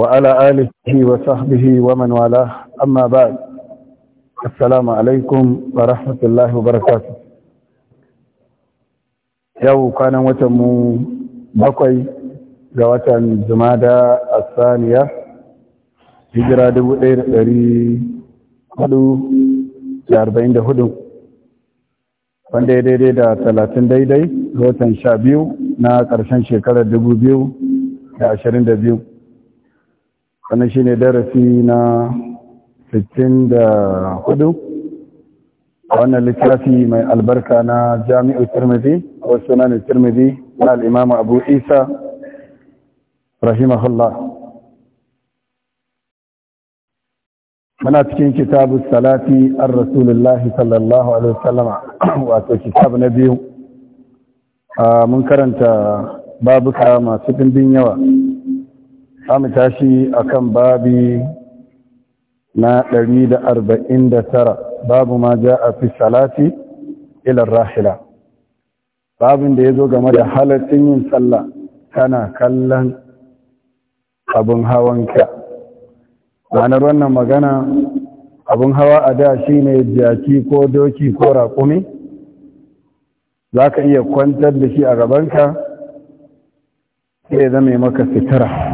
وعلى آله وصحبه ومن والاه أما بعد السلام عليكم ورحمة الله وبركاته yau kwanan watan mu bakwai ga watan jumada a saniya hijira 1444 wanda ya daidai da talatin daidai watan sha biyu na karshen shekarar biyu. wannan ne darasi na 64 wannan littafi mai albarka na jami'u tirmidhi wa sunan tirmidhi na al'imama abu isa rahimahullah muna cikin kitabu salati an rasulullahi sallallahu alaihi wasallama wato kitabu na biyu ah, mun karanta babuka masu dindin yawa mu tashi a kan babi na ɗari da da arba'in tara, babu ma a fi salati ilar rahila babin da ya zo game da halaccin yin sallah kana kallon abin hawanka ranar wannan magana abin hawa a da shi ne jaki ko doki ko raƙumi za ka iya kwantar da shi a gabanka sai zama maka fitara.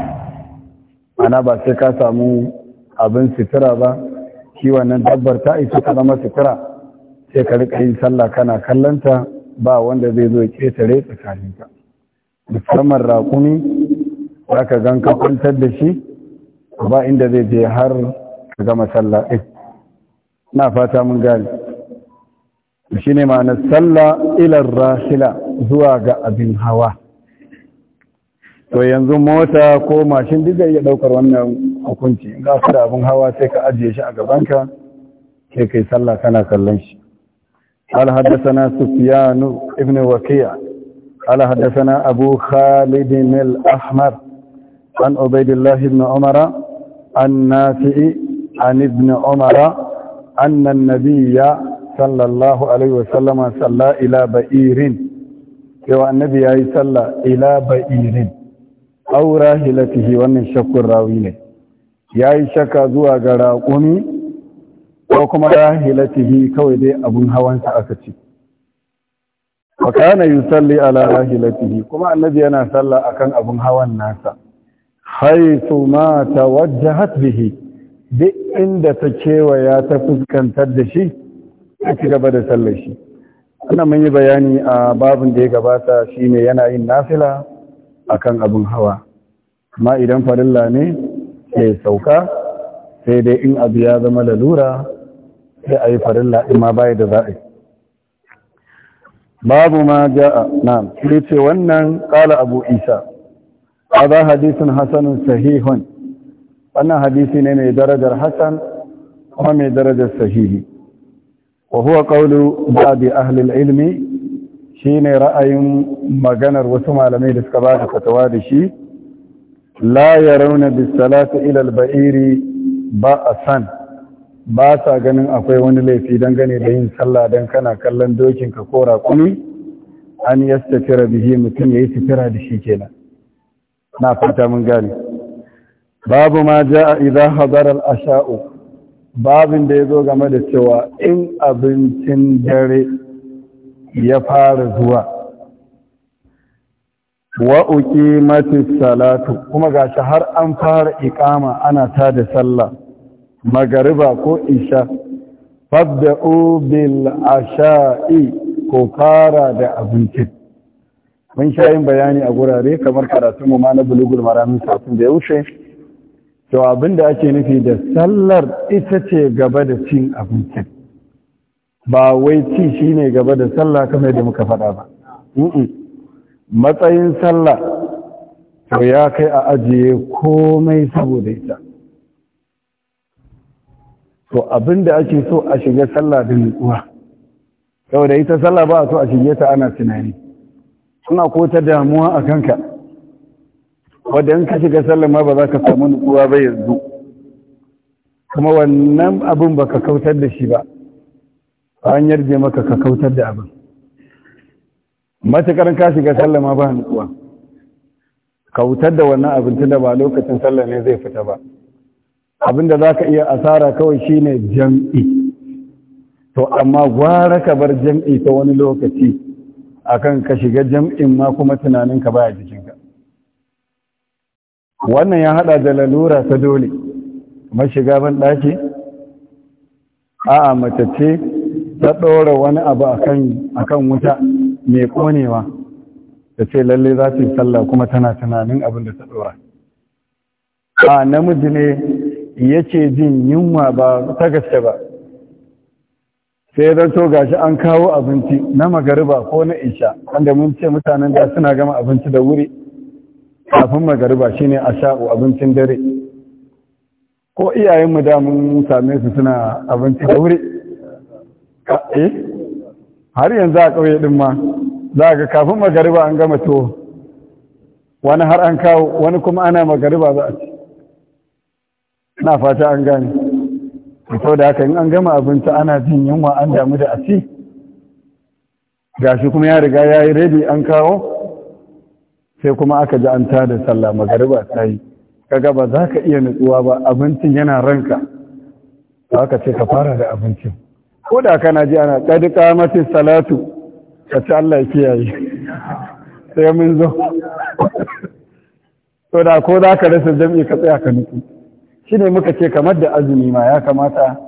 ana ba sai ka samu abin sitira ba shi wannan dabbar ta isa ta zama sitira sai ka rika yin sallah kana kallanta ba wanda zai zo ketare tsakaninka musamman raƙumi za ka gan ka kwantar da shi ba inda zai je har ka gama sallah ɗin na fata mun gane shi ne ma'anar sallah ilar rahila zuwa ga abin hawa to yanzu mota ko mashin duk zai iya daukar wannan hukunci in da abin hawa sai ka ajiye shi a gabanka ke kai sallah kana kallon shi al haddasana sufyan ibn waqi'a al haddasana abu khalid ibn al ahmar an ubaydillah ibn umara an nafi an ibn umara anna an-nabiyya sallallahu alaihi wa sallama salla ila ba'irin annabi yayi salla ila ba'irin Aura hilatihi wannan shakkun rawi ne yi shaka zuwa ga raƙumi ko kuma rahilatihi kawai dai abun hawansa aka ce wa kana yusalli ala rahilatihi kuma annabi yana sallah akan abun hawan nasa haythu ma tawajjahat bihi duk inda ta kewa ya ta fuskantar da shi Ta ci gaba da sallashi. ana mun yi bayani a babin da ya gabata shine yana yin nafila akan abin hawa ma idan farilla ne sai sauka sai dai in abu ya zama lalura sai a yi farilla in ma bai da za'a babu ma ja'a na'am sai ce wannan ƙala abu isa za hadithun hasanun sahihun wannan hadisi ne mai darajar hasan kuma mai darajar sahihi wa huwa qawlu ba'd ahli al-ilmi Shi ne ra'ayin maganar wasu malamai da suka ba da fatawa da shi la rauna bis ilal bairi ilal ba'iri san ba sa ganin akwai wani laifi don gani da yin sallah dan kana kallon dokin ka ko raƙumi an da shi mutum ya yayi sitira da shi kenan na fata mun gane babu ma ja a iza al asha'u babin da yazo game da cewa in abincin dare ya fara zuwa wa uqimatis salatu kuma gashi har an fara iqama ana ta da sallah magariba ko isha fabda'u bil asha'i ko fara da abinci mun sha yin bayani a gurare kamar karatu mu ma na bulugul maramin satin da ya wuce to abinda ake nufi da sallar ita ce gaba da cin abincin. ba wai ci shi ne gaba da sallah kamar da muka faɗa ba matsayin sallah to ya kai a ajiye komai saboda ita to abinda ake so a shiga sallah da nutsuwa saboda ita sallah ba a so a shige ta ana tunani suna ko ta damuwa a kanka wadda in ka shiga sallah ma ba za ka samu nutsuwa ba yanzu kuma wannan abin ba ka kautar da shi ba an yarje maka ka kautar da abin matukar ka shiga sallah ma ba nutsuwa kautar da wannan abin da ba lokacin sallah ne zai fita ba abinda za ka iya asara kawai shine jam'i to amma gwara ka bar jam'i ta wani lokaci akan ka shiga jam'in ma kuma tunanin ka baya jikinka wannan ya hada da lalura ta dole mashiga ban daki a'a mace ce ta ɗora wani abu a kan wuta mai ƙonewa da ce lalle za ta yi sallah kuma tana tunanin abin da ta ɗora a namiji ne yake jin yunwa ba ta gaske ba sai zan to shi an kawo abinci na magariba ko na isha wanda mun ce mutanen da suna gama abinci da wuri kafin magariba shine sha'u abincin dare ko iyayenmu da mun same su suna abinci da wuri E? har yanzu a ƙauye ɗin ma za ga kafin magariba an gama tuwo wani har an kawo wani kuma ana magariba za a ci na fata an gane sau da haka in an gama abinci ana jin yunwa an damu da ci? gashi kuma ya riga ya yi rabi an kawo sai kuma aka ji an da sallah magariba ta yi kaga ba za ka iya nutsuwa ba abincin yana ranka za ka ce ka fara da abincin ko da kana ji ana ƙadi ƙamatin salatu ka ci Allah ya kiyaye sai mun zo to da ko za ka rasa jam'i ka tsaya ka nufi shi ne muka ce kamar da azumi ma ya kamata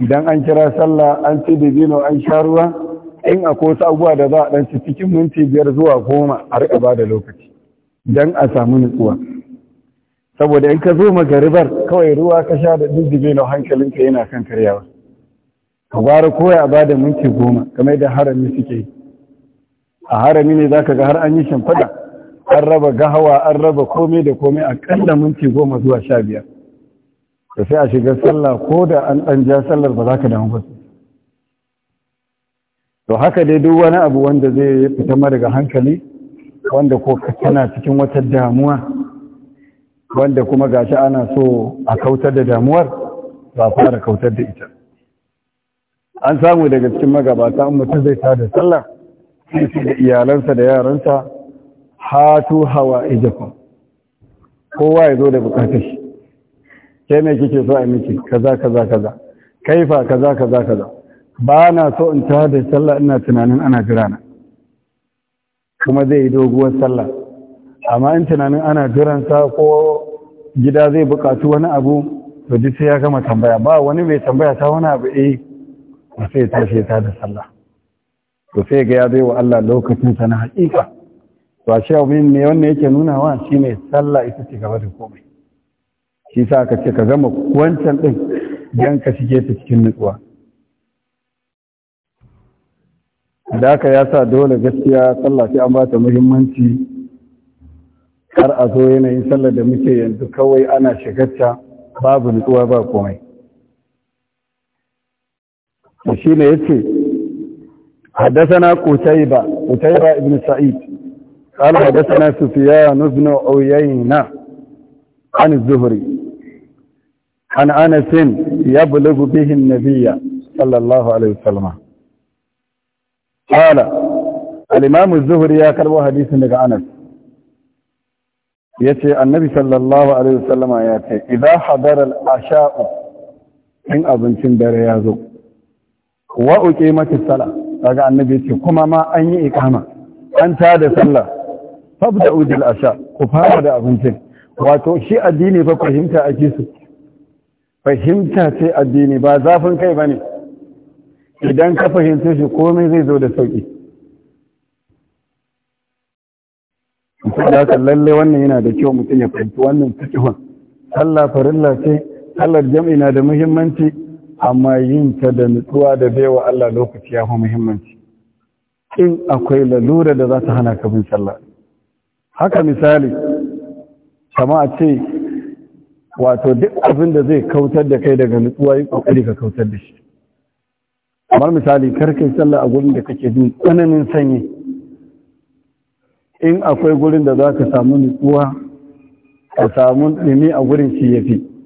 idan an kira sallah an ci dibino an sha ruwa in a kosa abubuwa da za a ɗan cikin minti biyar zuwa goma a riƙa ba da lokaci don a samu nutsuwa saboda in ka zo magaribar kawai ruwa ka sha da duk dibino hankalinka yana kan karyawa ka gwara koya ya bada minti goma kamar da harami suke yi a harami ne za ka ga har an yi shimfiɗa an raba gahawa an raba komai da komai a ƙalla minti goma zuwa sha biyar da sai a shiga sallah ko da an ɗan ja sallar ba za ka damu ba to haka dai duk wani abu wanda zai fita ma daga hankali wanda ko kana cikin wata damuwa wanda kuma gashi ana so a kautar da damuwar ba fara kautar da ita an samu daga cikin magabata an mutum zai tada sallah sai da iyalansa da yaransa hatu hawa ijakum kowa ya zo da bukatar shi ke mai kike so a miki kaza kaza kaza kaifa kaza kaza kaza ba na so in tada sallah ina tunanin ana jira na kuma zai yi doguwar sallah amma in tunanin ana jiransa ko gida zai bukatu wani abu to duk sai ya gama tambaya ba wani mai tambaya ta wani abu eh ba sai tashi ta da sallah to sai ga ya bai wa Allah lokacin na haƙiƙa, to ashe abin ne wanda yake nuna wa shine sallah ita ce gaba da komai shi sa ka ce ka gama wancan din dan ka shige ta cikin nutsuwa da ka ya sa dole gaskiya sallah sai an ba ta muhimmanci kar a zo yanayin sallar da muke yanzu kawai ana shigarta babu nutsuwa ba komai shi ne ya ce haddasana kutaiba kutaiba ibn sa'id ƙala haddasana sufiya nufino oyayina an Zuhri. an anasin ya bulugu bihin nabiya sallallahu alaihi salama ƙala alimamu zuhuri ya kalbo hadisun daga anas Yace annabi sallallahu alaihi salama ya ce idan hadar al'asha'u in abincin dare ya zo wa mata sala daga annabi ce kuma ma an yi iqama an ta da sallah fabda bil asha ku fara da abincin wato shi addini fa fahimta ake su fahimta ce addini ba zafin kai bane idan ka fahimta shi komai zai zo da sauki saboda haka lalle wannan yana da kyau mutum ya fahimci wannan cikin sallah farilla ce sallar jam'i na da muhimmanci amma yin ta da nutsuwa da baiwa Allah lokaci ya fi muhimmanci in akwai lalura da za ta hana ka bin sallah haka misali kama a ce wato duk abin da zai kautar da kai daga nutsuwa yi kokari ka kautar da shi kamar misali karkai sallah a gurin da kake jin tsananin sanyi in akwai gurin da za ka samu nutsuwa ka samu ɗumi a gurin shi ya fi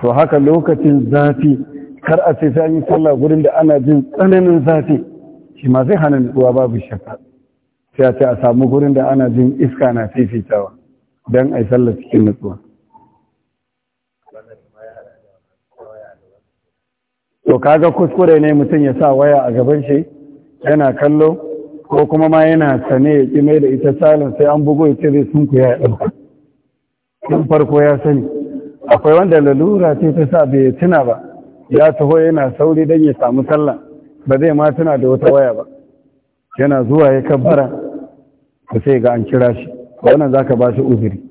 to haka lokacin zafi kar a ce sai an yi sallah gurin da ana jin tsananin zafi shi ma zai hana nutsuwa babu shakka sai a ce a samu gurin da ana jin iska na fifitawa don a yi sallah cikin nutsuwa to kaga kuskure ne mutum ya sa waya a gaban shi yana kallo ko kuma ma yana sane ya ƙi mai da ita salin sai an bugo ya ce zai sunku ya ɗauka tun farko ya sani akwai wanda lalura ce ta sa bai tuna ba ya taho yana sauri don ya samu sallah ba zai ma tuna da wata waya ba yana zuwa ya kabbara ku sai ga an kira shi wannan zaka ba shi uzuri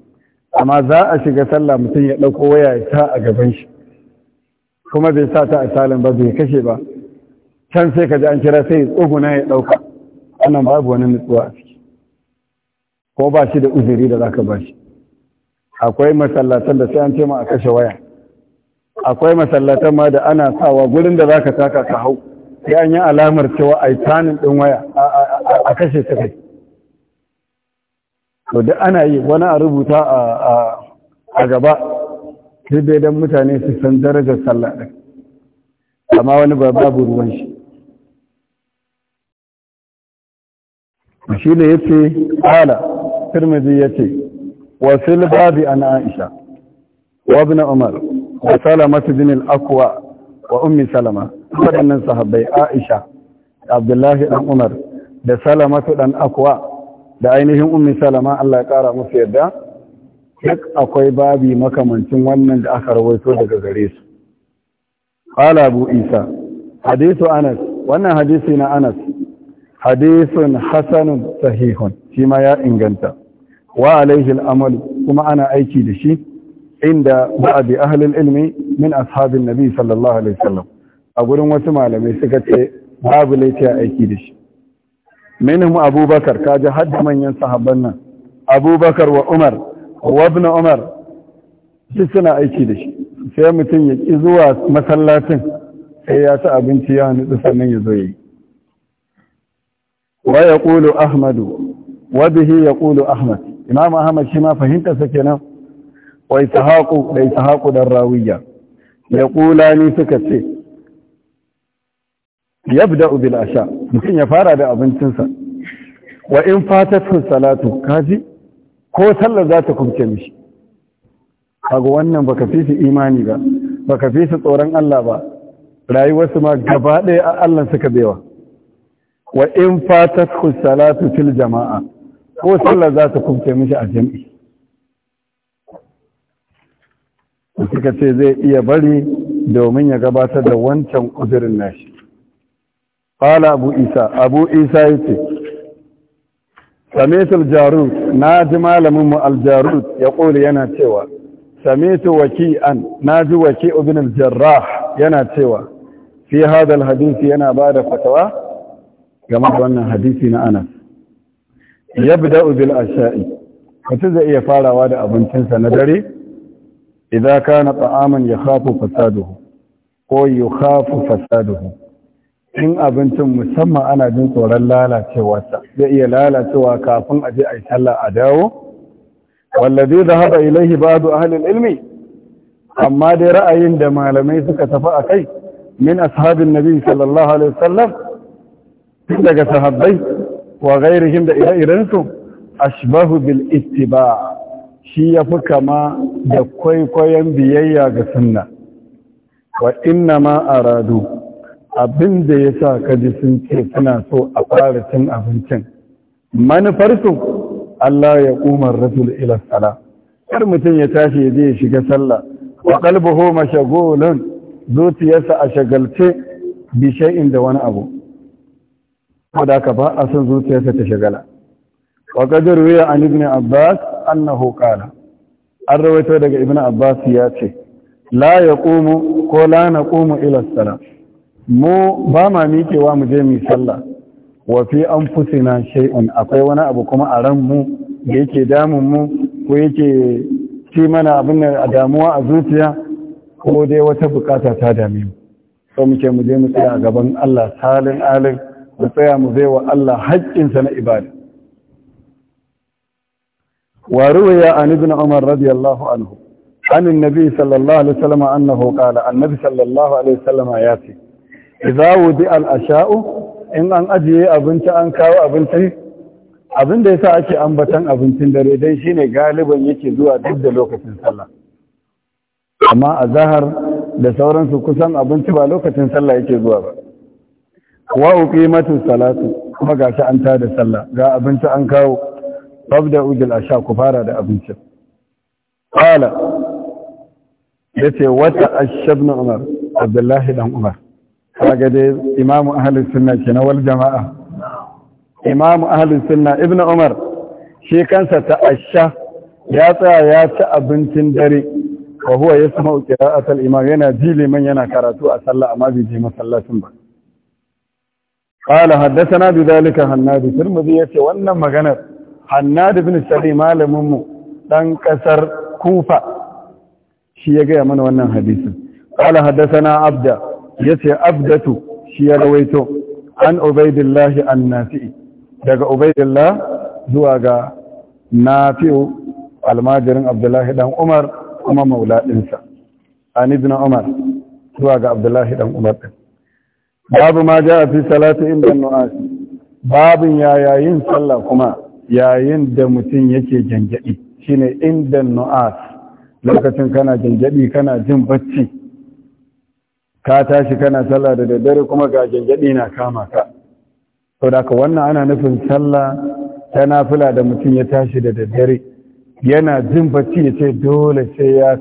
amma za a shiga sallah mutum ya ɗauko waya ya sa a gaban shi kuma bai sa ta a salin ba bai kashe ba can sai ka ji an kira sai tsuguna ya ɗauka wannan babu wani nutsuwa a ciki ko ba shi da uzuri da zaka ba shi akwai masallatan da sai an ce ma a kashe waya akwai masallatan ma da ana sawa gurin da zaka taka ka hau sai an yi alamar cewa ai tanin din waya a kashe ta kai to duk ana yi wani a rubuta a gaba duk dai don mutane su san darajar sallah din amma wani ba babu ruwan shi shi ne yace ala tirmidhi yace وفي الباب عن عائشة وابن عمر وسلمة بن الأقوى وأم سلمة waɗannan sahabbai Aisha Abdullahi dan Umar da Salamatu Ɗan Akwa da ainihin Ummi Salama Allah ya kara musu yadda duk akwai babi makamancin wannan da aka rawaito daga gare su Qala Abu Isa hadisu Anas wannan hadisi na Anas hadisun hasanun sahihun shima ya inganta wa alaihi al'amal kuma ana aiki da shi inda ba'a bi ahalin ilmi min ashabin nabi sallallahu alaihi sallam. a gurin wasu malamai suka ce babu laifi a aiki da shi minhum abubakar kaji hadda manyan sahabban nan abubakar wa umar wa ibn umar suna aiki da shi sai mutum ya ki zuwa masallacin sai ya ci abinci ya nutsu sannan ya zo yi wa yaqulu ahmadu wa bihi yaqulu ahmad imam ahmad shi ma fahimta sa kenan wa ishaqu da ishaqu dan rawiya ya kula ni suka ce yabda bil asha mutun ya fara da abincinsa wa in fatatu salatu kaji ko sallar za ta kubce mishi kaga wannan baka fi su imani ba baka fi su tsoron Allah ba su ma gaba ɗaya a Allah suka bewa wa in fatatu salatu fil jama'a ko sallar za ta kubce mishi a jam'i suka ce zai iya bari domin ya gabatar da wancan uzurin nashi Fala abu isa abu isa ya ce samitul jarut na ji malaminmu aljarut ya ƙoli yana cewa samitu waki'an na ji waki'u bin aljarrah yana cewa fi hadal hadisi yana ba da fatawa game da wannan hadisi na anas yabda'u bil asha'i mutum zai iya farawa da abincinsa na dare idan kana ta'aman yakhafu fasaduhu ko yukhafu fasaduhu in abincin musamman ana jin tsoron lalacewarsa zai iya lalacewa kafin a je a yi sallah a dawo wallazi zahaba ilaihi ba'du ahli ilmi amma dai ra'ayin da malamai suka tafi a kai min ashabin nabi sallallahu alaihi wasallam daga sahabbai wa ghairihim da ire-irensu ashbahu bil ittiba shi ya fi kama da kwaikwayon biyayya ga sunna wa inna ma aradu abin da ya sa kaji sun ce suna so a fara cin abincin manufarsu Allah ya kumar rasul ila sala kar mutum ya tashi ya je shiga sallah wa qalbuhu mashghulun zuciyarsa a shagalce bi shay'in da wani abu wadda aka ba a son zuciyarsa ta shagala wa qadar wuya an ibn abbas annahu hukala an rawaito daga ibn abbas ya ce la ƙumu ko la na ƙumu mu ba ma miƙewa mu je mu sallah wa fi anfusina shaiun akwai wani abu kuma a ran mu da yake damun mu ko yake ci mana abin da damuwa a zuciya ko dai wata bukata ta dame mu so muke mu je mu tsaya a gaban Allah salin alin mu tsaya mu zai wa Allah haƙƙinsa na ibada wa ruwaya an ibn umar radiyallahu anhu an nabi sallallahu alaihi wasallam annahu qala annabi sallallahu alaihi wasallam ya ce idza wudi al asha'u in an ajiye abinci an kawo abinci abin da yasa ake ambatan abincin dare dan shine galiban yake zuwa duk da lokacin sallah amma a zahar da sauransu kusan abinci ba lokacin sallah yake zuwa ba wa matu salatu kuma gashi an tada sallah ga abinci an kawo babda ujil asha ku fara da abincin qala yace wata ashab umar abdullahi dan umar kaga dai imamu ahlus sunna na wal jamaa imamu ahlus sunna ibnu umar shi kansa ta asha ya tsaya ya ci abincin dare wa huwa yasma'u asal imam yana jili man yana karatu a sallah amma bai je masallacin ba قال حدثنا بذلك هناد ترمذي yace wannan maganar Hannad ibn Sabi malamin mu dan kasar Kufa shi ya gaya mana wannan hadisin قال حدثنا عبد yace abdatu shi ya rawaito an ubaidillah annasi daga ubaidillah zuwa ga nafi'u almajirin abdullahi dan umar kuma maula an ibn umar zuwa ga abdullahi dan umar din babu ma ja a fi salatu inda nu'as babin yin sallah kuma yayin da mutum yake jangadi shine inda nu'as lokacin kana jangadi kana jin bacci ka tashi kana sallah da daddare kuma ga jangadi na kama ka to da ka wannan ana nufin sallah ta nafila da mutum ya tashi da daddare yana jin bacci ya ce dole sai ya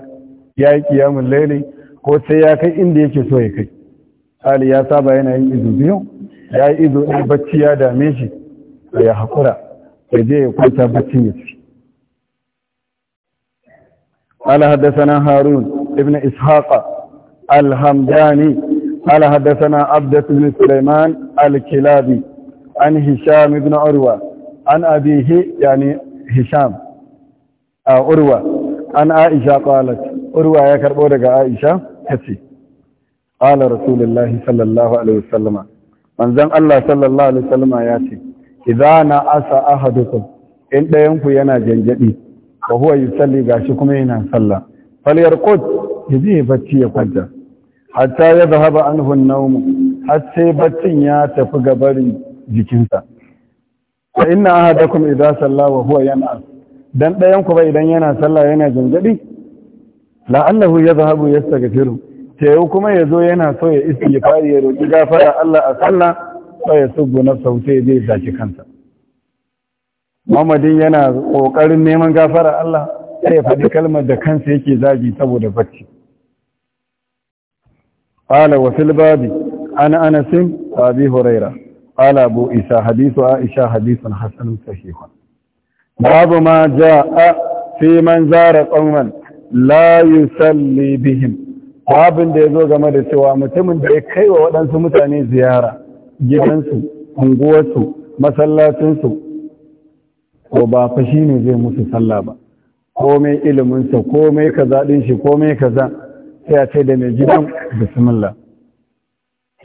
yi kiyamun laili ko sai ya kai inda yake so ya kai Ali ya saba yanayin izu biyu ya yi izu ɗin bacci ya dame shi ya haƙura ya je ya kwanta bacci ya fi. Ala haddasana Harun ibn Ishaqa alhamdani ala haddasana Abdus ibn Sulaiman al-Kilabi an Hisham ibn Urwa an abihi yani Hisham a Urwa an Aisha qalat Urwa ya karɓo daga Aisha kace qala rasulullahi sallallahu alaihi wasallam manzon Allah sallallahu alaihi wasallam ya ce idza na'asa ahadukum in dayan ku yana janjadi wa huwa yusalli gashi kuma yana sallah falyarqud yaje bacci ya kwanta hatta ya zahaba anhu an-nawm har sai baccin ya tafi gabarin jikinsa fa inna ahadakum idza salla wa huwa yan'as dan dayan ku ba idan yana salla yana janjadi la'allahu yadhhabu yastaghfiru Tewu kuma ya zo yana so ya isi ya fari ya roƙi gafara Allah a sallah so ya sugu na sautai zai zaki kansa mamadin yana ƙoƙarin neman gafara Allah sai ya faɗi kalmar da kansa yake zagi saboda bacci ala wa babi an anas wa abi huraira ala bu isa a aisha Hadisun hasanun sahihun babu ma a fi man zara qauman la yusalli babin da ya zo game da cewa mutumin da ya kai wa waɗansu mutane ziyara gidansu unguwarsu masallacinsu ko ba fa shi ne zai musu sallah ba komai iliminsa komai ka zaɗin shi komai za sai a ce da mai gidan bismillah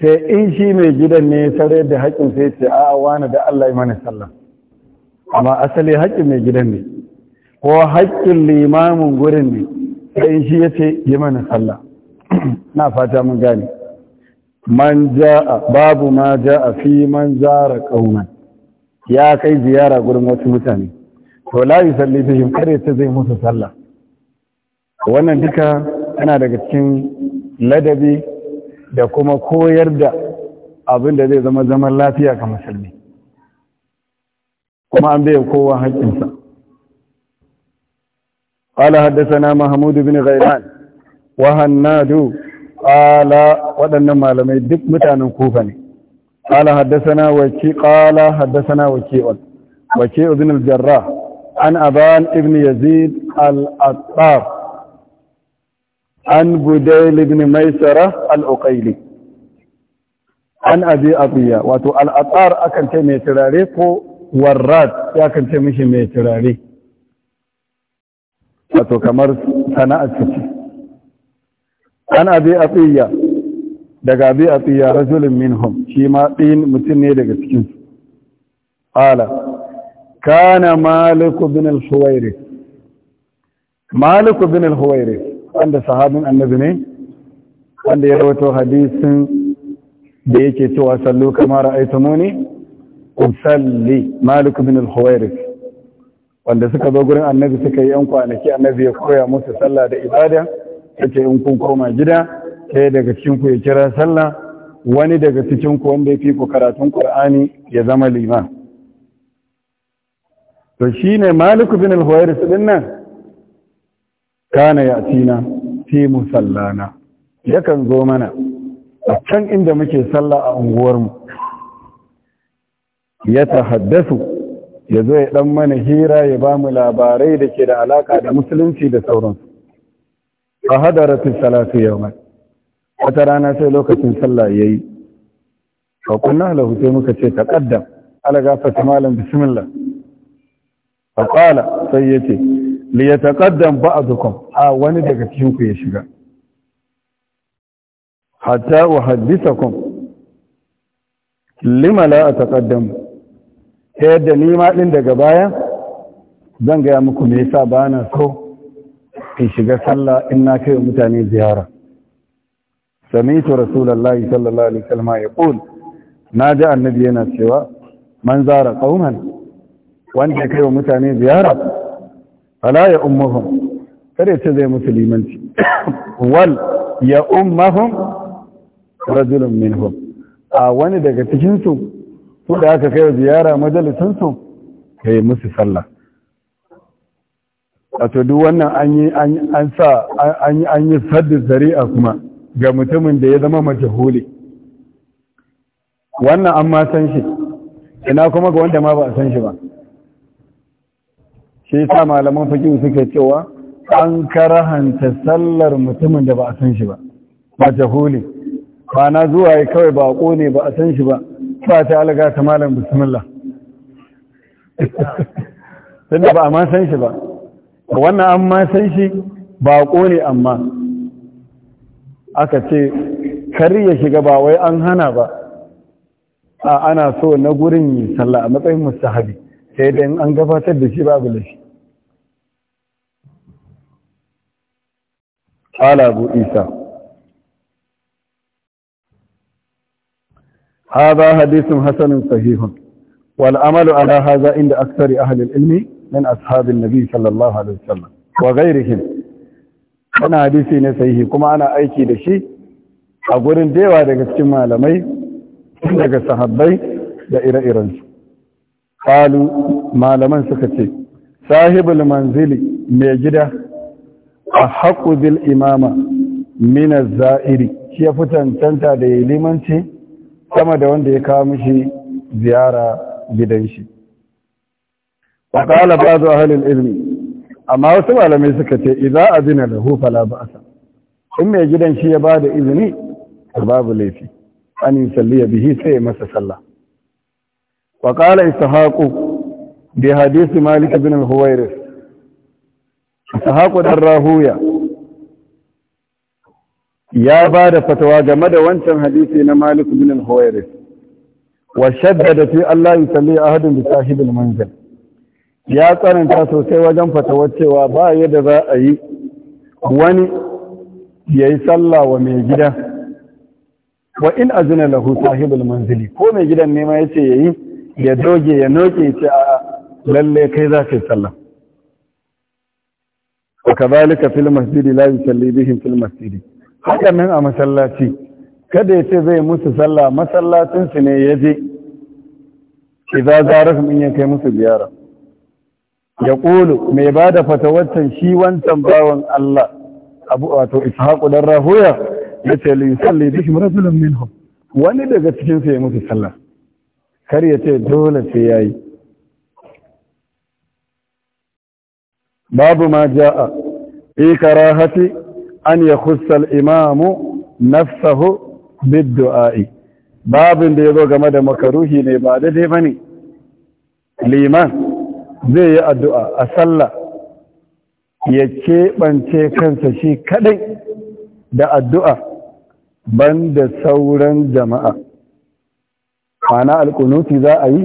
sai in shi mai gidan ne sare da haƙƙin sai ce a wani da Allah yi mana sallah amma asali haƙƙin mai gidan ne ko haƙƙin limamin gurin ne sai in shi ya ce yi mana sallah na fata mun gane man ja'a babu ma ja'a fi man zara qauman ya kai ziyara gurin wasu mutane to la yusalli bihim kare ta zai musu sallah wannan duka yana daga cikin ladabi da kuma koyar da abin da zai zama zaman lafiya ga musulmi kuma an bai kowa haƙƙinsa haddasa na محمود Bin غيلان wa hannadu qala waɗannan malamai duk mutanen kufa ne qala haddathana waki qala haddathana waki'un waki ibn al-jarrah an aban ibn yazid al-attar an budayl ibn maisara al-uqayli an abi abiya wato al-attar akan ce mai turare ko warrat ya kan ce mishi mai turare wato kamar sana'ar ce ana bi a tsiya daga bi a tsiya rajulun minhum shi ma ɗin mutum ne daga cikinsu ala kana maliku bin al-huwairi maliku bin al-huwairi wanda sahabin annabi ne wanda ya rawato hadisin da yake cewa sallu kama ra'aytumuni usalli maliku bin al-huwairi wanda suka zo gurin annabi suka yi yan kwanaki annabi ya koya musu sallah da ibada yace in kun koma gida ɗaya daga cikin ku ya kira sallah wani daga cikin ku wanda ya fi ku karatun Qur'ani ya zama lima? to shine Malik bin al-Huwairis din nan kana tina fi musallana yakan zo mana a can inda muke sallah a unguwarmu ya tahaddasu ya zo ya dan mana hira ya ba mu labarai da ke da alaka da musulunci da sauransu fa hadaratis salatu wata rana sai lokacin sallah yayi fa kunna lahu sai muka ce taqaddam ala ta malam bismillah fa qala sai yace li yataqaddam ba'dukum a wani daga cikin ya shiga hatta uhaddithakum lima la ataqaddam ta yadda ni ma din daga baya zan gaya muku me yasa ba na so in shiga sallah in na kai mutane ziyara samitu Rasulallah sallallahu alaihi wasallam ya qul na ji annabi yana cewa man zara qauman wanda ya kai mutane ziyara fala ya ummuhum kare ce zai musu limanci wal ya ummahum rajulun minhum a wani daga cikinsu su da aka kai ziyara majalisin su kai musu sallah wato duk wannan an yi an sa an yi sadda zari'a kuma ga mutumin da ya zama majahuli wannan an ma san shi ina kuma ga wanda ma ba a san shi ba shi sa malaman fiki suke cewa an karahanta sallar mutumin da ba a san shi ba majahuli ba na zuwa yi kawai ba ne ba a san shi ba ba ta alaga ta malam bismillah tunda ba a ma san shi ba wannan an ma san shi baƙo ne amma aka ce kar ya shiga ba wai an hana ba a ana so na gurin yi sallah a matsayin mustahabi sai dai an gabatar da shi babu shi. Ala abu isa هذا حديث حسن sahihun والعمل على ala عند أكثر أهل ahli ilmi min ashabin nabi sallallahu alaihi wasallam wa ghairihim wannan hadisi ne sahihi kuma ana aiki da shi a gurin dewa daga cikin malamai daga sahabbai da ire-iren su qalu malaman suka ce sahibul manzili mai gida a haƙu bil imama mina za'iri shi ya fi tanta da ya limanci sama da wanda ya kawo mishi ziyara gidan shi Waƙala qala ba'du ahli al-ilmi amma wasu malamai suka ce idza azina lahu fala ba'sa in mai gidan shi ya bada izini babu laifi an yusalli bihi sai masa sallah wa qala ishaqu bi hadisi malik bin al-huwairis ishaqu rahuya ya ba da fatawa game da wancan hadisi na Malik bin al-Huwairis wa shaddada fi Allah yusalli ahadun bi sahibil manzil ya tsananta sosai wajen fatawar cewa ba yadda za a yi wani ya yi sallah wa mai gida wa in azina lahu sahibul manzili ko mai gidan ne ma yace yayi ya doge ya noke ce a lalle kai za ka yi sallah wa kadhalika fil masjidi la yusalli bihim fil masjidi haka nan a masallaci kada ya ce zai musu sallah masallacin su ne yaje idza zarahum in ya kai musu ziyara ya ƙulu mai ba da fatawatan shi wancan bawan Allah abu wato ishaku dan rahuya ya ce li yusalli bihim rajulun minhum wani daga cikin ya musu sallah kar ya ce dole sai yayi babu ma jaa fi karahati an yakhussa al-imam nafsahu bid-du'a'i babin da yazo game da makaruhi ne ba da dai bane liman zai yi addu'a a sallah ya keɓance kansa shi kaɗai da addu'a ban da sauran jama'a mana alƙunuti za a yi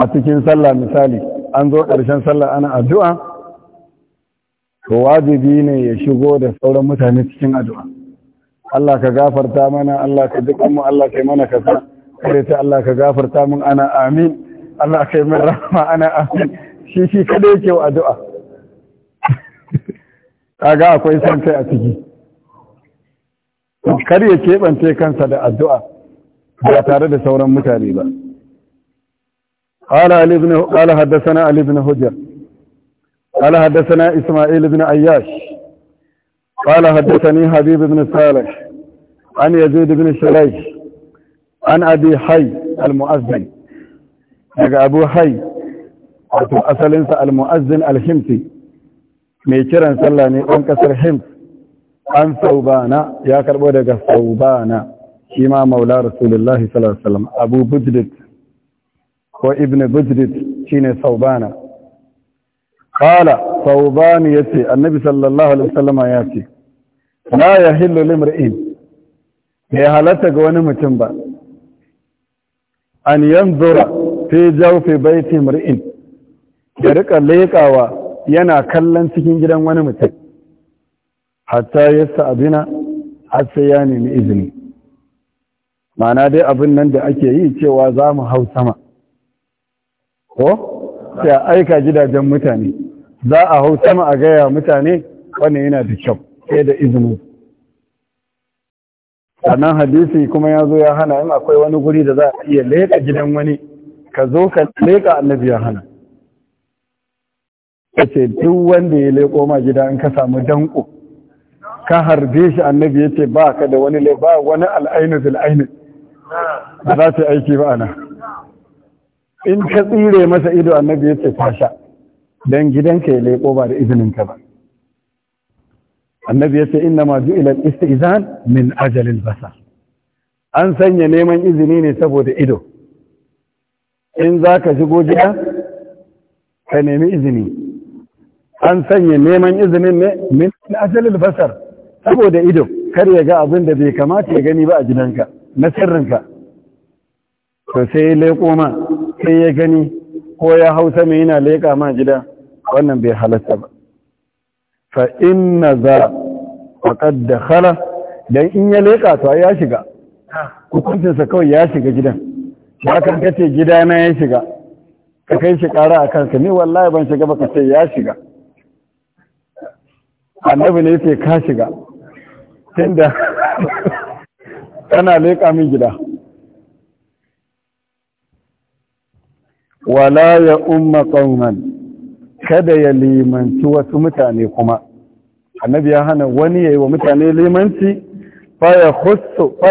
a cikin sallah misali an zo ƙarshen sallah ana addu'a to wajibi ne ya shigo da sauran mutane cikin addu'a Allah ka gafarta mana Allah ka jikinmu Allah ka yi mana kasa kare ta Allah ka gafarta mun ana amin Allah kai min rahama ana shi shi kada yake wa addu'a kaga akwai san kai a ciki kar ya kebance kansa da addu'a ba tare da sauran mutane ba قال علي بن قال حدثنا علي بن هجر قال حدثنا إسماعيل بن عياش قال حدثني حبيب بن صالح عن يزيد بن شريح عن أبي حي المؤذن daga abu hai wato asalinsa al-mu'azzin al himti mai kiran sallah ne ɗan ƙasar himt an saubana ya karɓo daga saubana shi ma maula rasulullahi salasalam abu bujdit ko ibn bujdit shine saubana qala saubani ya ce annabi sallallahu alaihi wasallam ya ce na ya hillo limri'in bai halatta ga wani mutum ba an yanzura fi bai baiti mar'in ya rika leƙawa yana kallon cikin gidan wani mutum hatta ya abina, har sai ya nemi izini ma'ana dai abin nan da ake yi cewa za mu hau sama ko sai aika gidajen mutane za a hau sama a gaya mutane wannan yana da kyau sai da izini sannan hadisi kuma ya zo ya hana in akwai wani guri da za a iya leƙa gidan wani ka zo ka leƙa annabi ya hana ce duk wanda ya leƙo ma gida in ka samu danko ka harbe shi annabi ya ce ba ka da wani ba wani al'ainu al'ainu. ba za ta aiki ba ana in ka tsire masa ido annabi ya ce fasha don gidanka ya leƙo ba da izininka ba annabi ya ce inna ma ju'ila al-istizan min ajalin basa. an sanya neman izini ne saboda ido in za ka shigo gida ka nemi izini an sanya neman izinin ne min asalin basar saboda ido kar ya ga abin da bai kamata ya gani ba a gidanka na sirrinka to sai ya leƙo ma sai ya gani ko ya hausa mai yana leƙa ma gida wannan bai halatta ba fa inna za faƙad da khala dan in ya leƙa to ya shiga hukuncinsa kawai ya shiga gidan ba ce kace gidana ya shiga ka kai shi ƙara a kanka ni wallahi ban shiga ba ka ce ya shiga annabi ne yace ka shiga tunda kana leƙa min gida wala ya umma qauman kada ya limanci wasu mutane kuma annabi ya hana wani yayi wa mutane limanci fa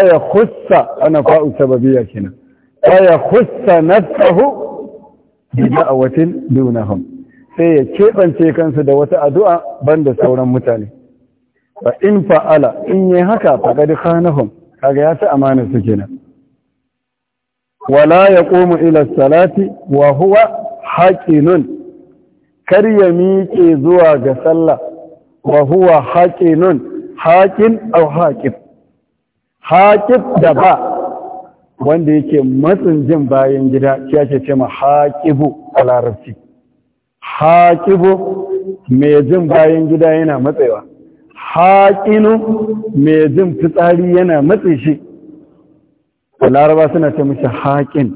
ya khussa ana fa'u sababiyya kenan waya hussa nafsahu bi da'awatin dunahum sai ya keɓance kansa da wata addu'a banda sauran mutane fa in fa'ala in yi haka faqad khanahum kaga ya ci amanar su nan. wala ya yaqumu ila salati wa huwa haqinun kar ya miƙe zuwa ga sallah Wahuwa, huwa haqinun haqin aw haqib haqib da ba wanda yake matsin jin bayan gida shi ake ce ma haƙibu a larabci haƙibu mai jin bayan gida yana matsewa haƙinu mai jin fitsari yana matse shi a laraba suna ce mashi haƙin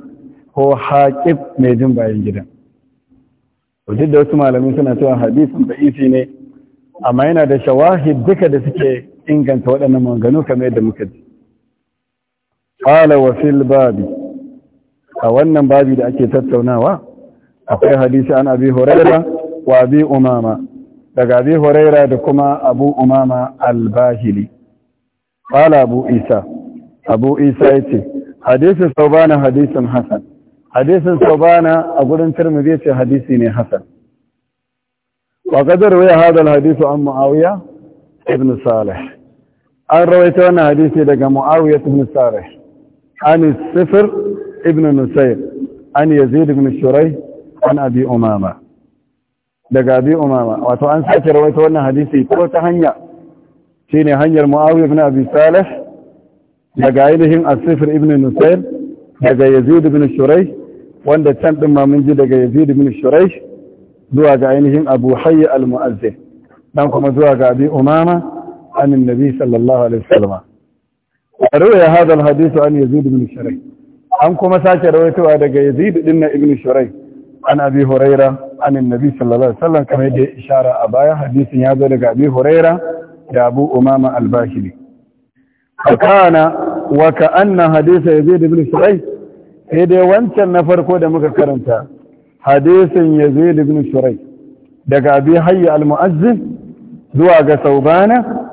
ko haƙib mai jin bayan gida duk da wasu malamin suna cewa da isi ne amma yana da shawahi duka da suke inganta waɗannan manganu kamar yadda muka ji Ƙala wa fil babi a wannan babi da ake tattaunawa akwai hadisi an abi horaira wa abi umama daga abi horaira da kuma abu umama albahili, Ƙala abu isa abu isa ya yace hadisin saubana hadisin hasan hadisin saubana a gurin tirmidhi ce hadisi ne Hassan. wa qad rawiya hadha hadisu an muawiya ibn salih an rawaita wannan hadisi daga mu'awiyar ibn salih عن السفر ابن نسير عن يزيد بن شريح عن أبي أمامة daga abi umama wato an sake rawaita wannan hadisi ta ta hanya shine hanyar muawiya ibn abi salih daga ainihin as ibn nusayr daga yazid bin shurayh wanda can ɗin ma mun ji daga yazid bin shurayh zuwa ga ainihin abu hayy al-mu'azzin dan kuma zuwa ga abi umama an annabi sallallahu alaihi wasallam روي هذا الحديث عن يزيد بن شريح an kuma sake rawaitowa daga yazid din na ibn shurai an abi huraira an annabi sallallahu alaihi wasallam kamar da ishara a baya hadisin ya zo daga abi huraira da abu umama al-bashiri kana wa ka'anna hadisa yazid ibn shurai sai dai wancan na farko da muka karanta hadisin yazid ibn shurai daga abi hayy al-muazzin zuwa ga saubana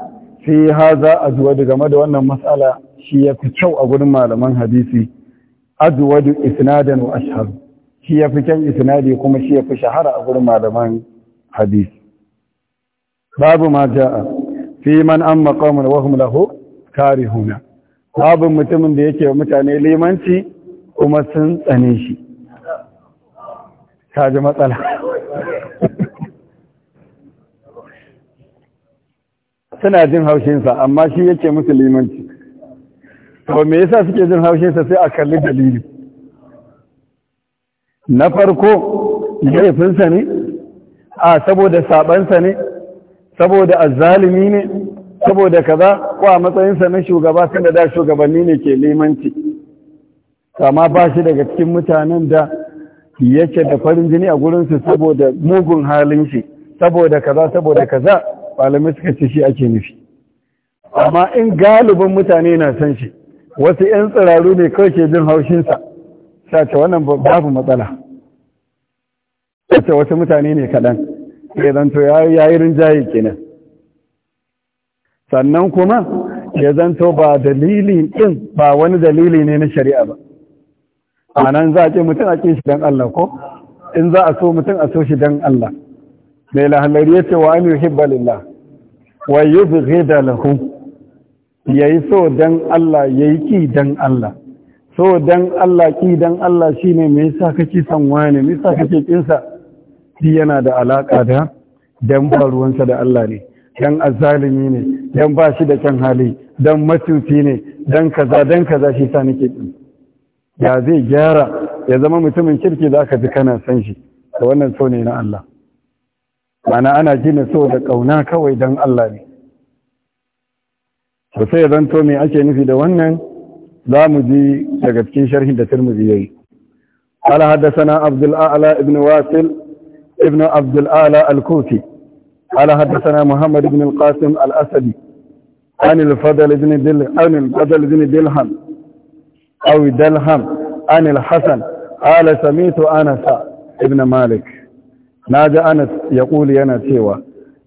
fi haza azwadu game da wannan matsala shi ya fi kyau a gurin malaman hadisi a azwadu isnadan wa ashhar shi ya fi kyan isnadi kuma shi ya fi shahara a gurin malaman hadisi babu ma ja'a fi man an qawmun wa hum lahu huna, babu mutumin da yake mutane limanci kuma sun tsane shi ji matsala tana jin haushinsa amma shi yake musu limanci to me yasa suke jin haushinsa sai a kalli dalili na farko laifinsa ne a saboda sabansa ne saboda azzalimi ne saboda kaza ko a matsayinsa na shugaba tunda da shugabanni ne ke limanci kama ba shi daga cikin mutanen da yake da farin jini a gurinsu saboda mugun halin shi saboda kaza saboda kaza malamai suka ce shi ake nufi amma in galibin mutane na san shi wasu 'yan tsiraru ne kawai ke jin haushinsa sace wannan babu matsala sace wasu mutane ne kaɗan ya zanto ya yi rinjaye kenan sannan kuma ya zanto ba dalili ɗin ba wani dalili ne na shari'a ba a nan za a ce mutum a ƙin shi don Allah ko in za a so mutum a so shi don Allah mai lahallari ya ce wa an yi hibbalillah wa da lahu Ya yi so dan Allah ya yi ki dan Allah so dan Allah ki dan Allah shine me yasa kake san wani me yasa kake kinsa shi yana da alaƙa da dan faruwansa da Allah ne dan azalimi ne dan ba shi da kyan hali dan matuti ne dan kaza dan kaza shi sa nake ɗin ya zai gyara ya zama mutumin kirki zaka ji kana san shi da wannan so ne na Allah mana ana gina so da ƙauna kawai don Allah ne. Ba sai zan to mai ake nufi da wannan zamu mu ji daga cikin sharhin da turmuzi ya yi. Ala haddasana Abdul'ala ibn Wasil ibn Abdul'ala al-Kufi, ala haddasana Muhammad ibn al-Qasim al-Asadi, an al-Fadal ibn al awi Dalham, an al-Hassan, ala Samitu Anasa ibn Malik. na ji anas ya ƙuli yana cewa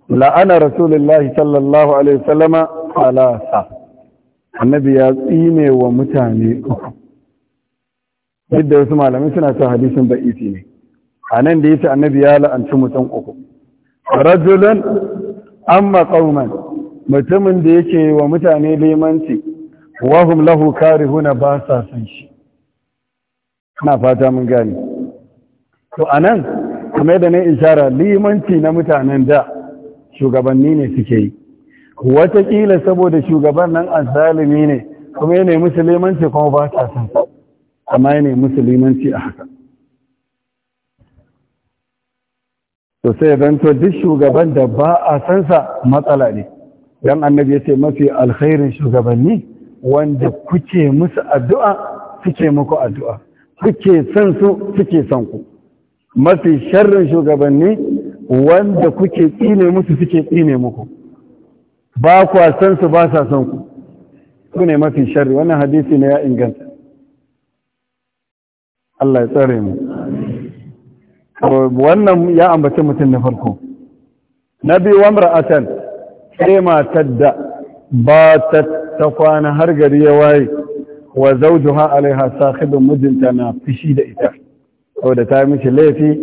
la'ana rasulullahi sallallahu alaihi wasallama alasa annabi ya tsine wa mutane uku idan wasu malamai suna cewa hadisin isi ne a nan da yace annabi ya la'anci mutum uku rajulan amma qauman mutumin da yake wa mutane limanci wahum lahu karihuna ba sa san shi ina fata mun gane to anan kamar da na ishara limanci na mutanen da shugabanni ne suke yi watakila saboda shugaban nan azalimi ne kuma yana musulmanci kuma ba ta san amma yana musulmanci a haka to sai zanto duk shugaban da ba a sansa matsala ne don annabi ya ce mafi alkhairin shugabanni wanda kuke musu addu'a suke muku addu'a kuke san su suke san ku mafi sharrin shugabanni wanda kuke tsine musu suke tsine muku ba ku san su ba sa son ku su ne mafi sharri wannan hadisi ne ya inganta Allah ya tsare mu wannan ya ambaci mutum na farko na biyu wa atan sai matar da ba ta kwana har gari ya waye wa zaujuha alaiha sahibin mijinta na fishi da ita da ta mishi laifi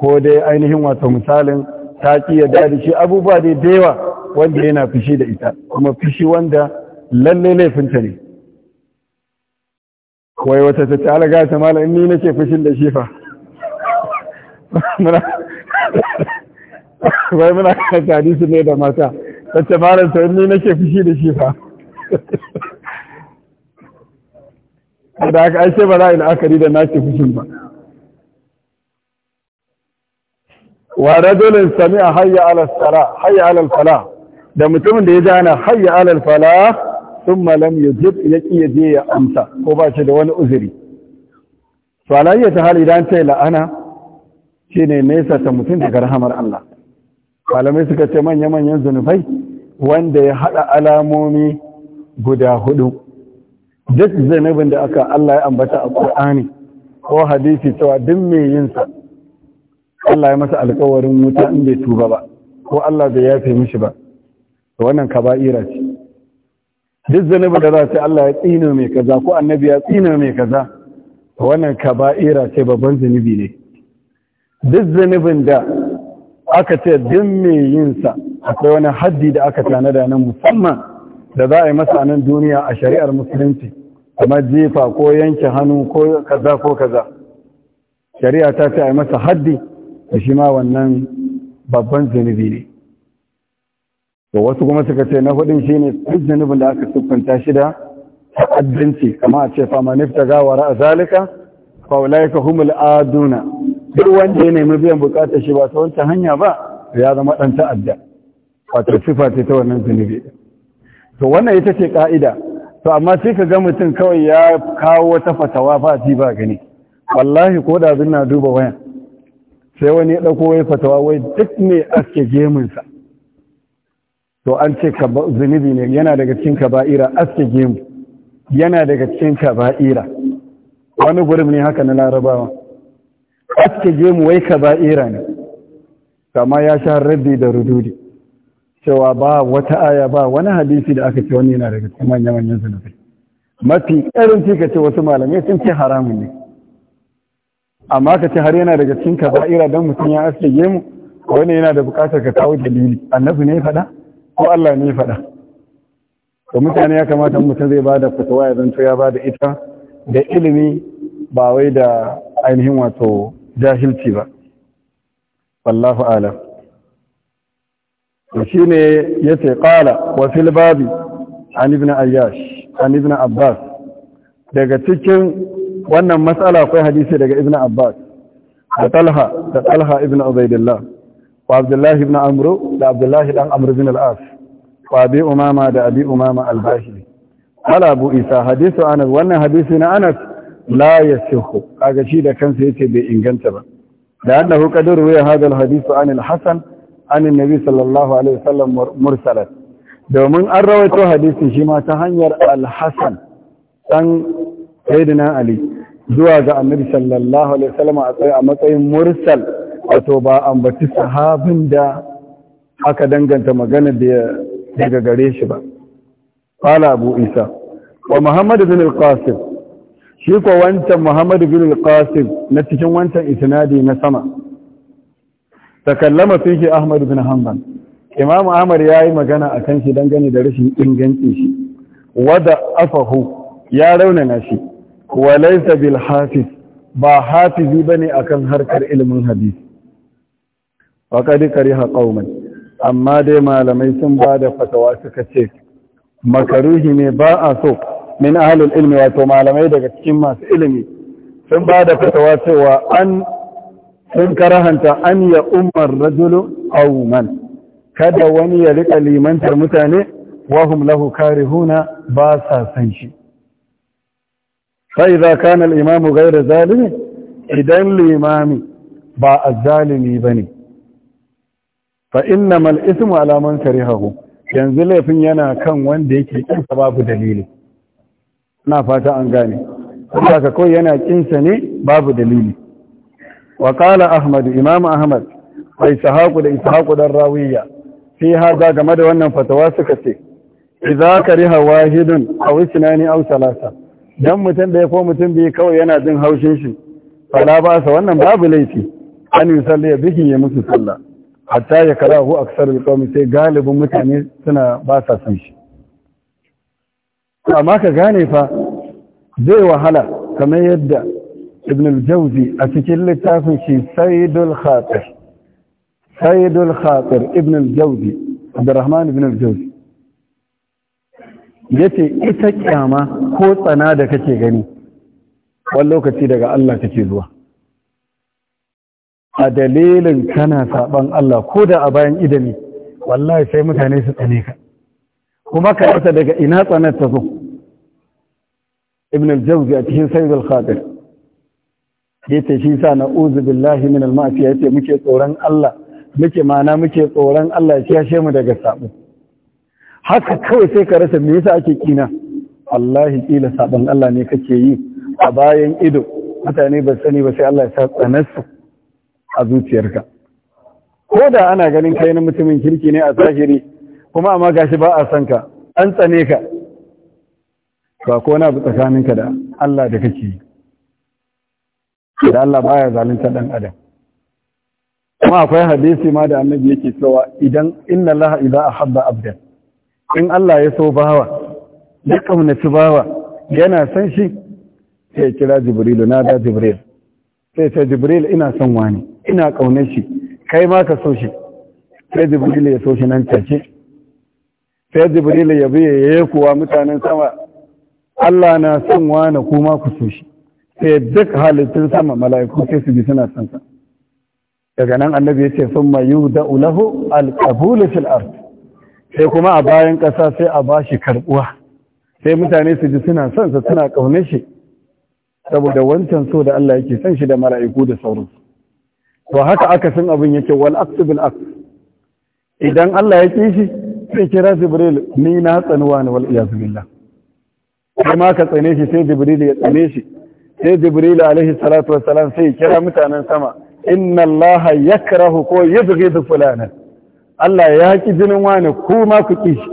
ko dai ainihin wato misalin ta ki yarda shi abubuwa dai da yawa wanda yana fushi da ita kuma fushi wanda lalle laifinta ne wai wata ta ce alaga ta malam ni nake fushin da shi fa wai muna kan hadisi ne da mata wacce malam ta ni nake fushi da shi fa da aka aice ba za a yi la'akari da nake fushin ba wa radulin sami'a hayya ala hayya ala da mutumin da ya dana ana hayya ala fala ya lam yujib yaki je ya amsa ko ba shi da wani uzuri to alayya ta hali idan ta la'ana shine nesa ta mutum daga rahamar Allah malamai suka ce manya manyan zunubai wanda ya haɗa alamomi guda hudu duk zanubin da aka Allah ya ambata a Qur'ani ko hadisi cewa duk mai yinsa Allah ya masa alkawarin wuta in bai tuba ba ko Allah bai yafe mishi ba to wannan kaba'ira ce duk zanubi da za ta Allah ya tsino mai kaza ko annabi ya tsino mai kaza to wannan kaba'ira ce babban zanubi ne duk zanubin da aka ce din mai yin sa akwai wani haddi da aka tanada nan musamman da za a yi masa nan duniya a shari'ar musulunci kamar jefa ko yanke hannu ko kaza ko kaza shari'a ta ce a yi masa haddi da shi ma wannan babban zunubi ne to wasu kuma suka ce na hudun shi ne duk zunubin da aka siffanta shi da ta'addanci kama a ce fama nifta gawara ra'a zalika fa ka humul aduna duk wanda ya nemi biyan bukatar shi ba ta wancan hanya ba ya zama ɗan ta'adda wato sifa ce ta wannan zunubi to wannan ita ce ka'ida to amma sai ka ga mutum kawai ya kawo wata fatawa ba ji ba gani wallahi ko da zina duba wayan sai wani ya ɗauko wai fatawa wai duk ne aske gemunsa to an ce zunubi ne yana daga cikin kaba'ira aske gemu yana daga cikin kaba'ira wani gurin ne haka na larabawa aske gemu wai kaba'ira ne kama ya sha rabbi da rududi cewa ba wata aya ba wani hadisi da aka ce wani yana daga cikin manya-manyan zunubi mafi ƙarin ka ce wasu malamai sun ce haramun ne amma ka ce har yana daga cikin kaba'ira don mutum ya aske gemu wani yana da bukatar ka kawo dalili annabi ne faɗa ko Allah ne faɗa to mutane ya kamata mutum zai bada fatawa ya zanto ya bada ita da ilimi ba wai da ainihin wato jahilci ba wallahu alam to shine yace qala wa fil babi an ibn ayyash an ibn abbas daga cikin wannan matsala akwai hadisi daga ibn abbas da talha da talha ibn ubaidillah wa abdullahi ibn amru da abdullahi dan amru bin al-as wa abi umama da abi umama al-bahili ala abu isa hadisu anas wannan hadisi na anas la yasihu kaga shi da kansa yace bai inganta ba da annahu qad ruwiya hadha al-hadisu an al-hasan an an-nabi sallallahu alaihi wasallam mursalat domin an rawaito hadisi shi ma ta hanyar al-hasan dan sayyidina ali zuwa ga annabi sallallahu alaihi wasallam a a matsayin mursal wato ba ambaci sahabin da aka danganta magana daga gare shi ba qala abu isa wa muhammad bin al-qasim shi ko wancan muhammad bin al-qasim na cikin wancan isnadi na sama takallama fihi ahmad bin hanbal imam ahmad yayi magana akan shi dangane da rashin inganci shi wada afahu ya raunana shi wa laysa bil hafiz ba hafizi bane akan harkar ilimin hadisi wa kad kariha qauman amma dai malamai sun ba da fatawa suka ce makaruhi ne ba a so min ahlul ilmi wato malamai daga cikin masu ilimi sun ba da fatawa cewa an sun karahanta an ya umar rajulu aw man kada wani ya rika limantar mutane wahum lahu karihuna ba sa san shi fa'iza kana imamu gaira zalimi idan limami ba ba ne. fa innamal ismu ala man karihahu yanzu laifin yana kan wanda yake kinsa babu dalili na fata an gane haka kawai yana kinsa ne babu dalili wa qala ahmad imam ahmad wa ishaqu da ishaqu dan rawiya fi hada game da wannan fatawa suka ce Iza idza kariha wahidun aw tunani aw salasa. dan mutum da ya ko mutum biyu kawai yana jin haushin shi fala ba sa wannan babu laifi an yi sallah ya bikin ya musu sallah hatta ya kara hu aksar alqawmi sai galibin mutane suna ba sa san shi amma ka gane fa zai wahala kamar yadda ibn al-jawzi a cikin littafin shi sayyidul khatir sayyidul khatir ibn al-jawzi abdurrahman ibn al-jawzi yace ita kyama ko tsana da kake gani wani lokaci daga Allah kake zuwa a dalilin kana saban Allah ko da a bayan idani wallahi sai mutane su tsane ka kuma ka rasa daga ina tsanar ta zo ibn al-jawzi a cikin sayyid al-khadir yace shi sa na na'uzu billahi min al ya ce muke tsoron Allah muke mana muke tsoron Allah ya shi mu daga sabo haka kawai sai ka rasa me yasa ake kina wallahi kila sabon Allah ne kake yi a bayan ido mutane ba sani ba sai Allah ya sa tsanarsu a zuciyarka ko da ana ganin kai na mutumin kirki ne a zahiri kuma amma gashi ba a san ka an tsane ka ba ko na bi tsakaninka da Allah da kake yi da Allah baya zalunta dan adam kuma akwai hadisi ma da annabi yake cewa idan inna Allah idza ahabba abdan in Allah ya so bawa ya kaunaci bawa yana son shi sai kira jibrilu na da jibril sai sai jibril ina son wani ina ƙaunar shi kai ma ka so shi sai jibril ya so shi nan take sai jibril ya biya ya yi kuwa mutanen sama Allah na son wani kuma ku so shi sai duk halittun sama mala'iku sai su bi suna son sa daga nan annabi ya ce sun mayu lahu al-qabulu fil sai kuma a bayan ƙasa sai a ba shi karɓuwa sai mutane su ji suna son sa suna ƙaunar shi saboda wancan so da Allah yake son shi da mara'iku da sauransu to haka san abin yake wal aqsu bil aqs idan Allah ya kishi shi sai kira Jibril ni na tsanuwa ne wal iyaz billah sai ma ka tsane shi sai Jibril ya tsane shi sai Jibril alaihi salatu wassalam sai kira mutanen sama inna Allah yakrahu ko yubghidu fulanan Allah ya ki jinin wani ko ma ku ki shi